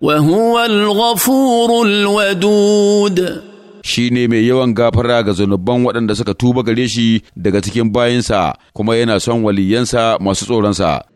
وهو الغفور الودود shi ne mai yawan gafara ga zunuban waɗanda suka tuba gare shi daga cikin bayinsa kuma yana son waliyansa masu tsoronsa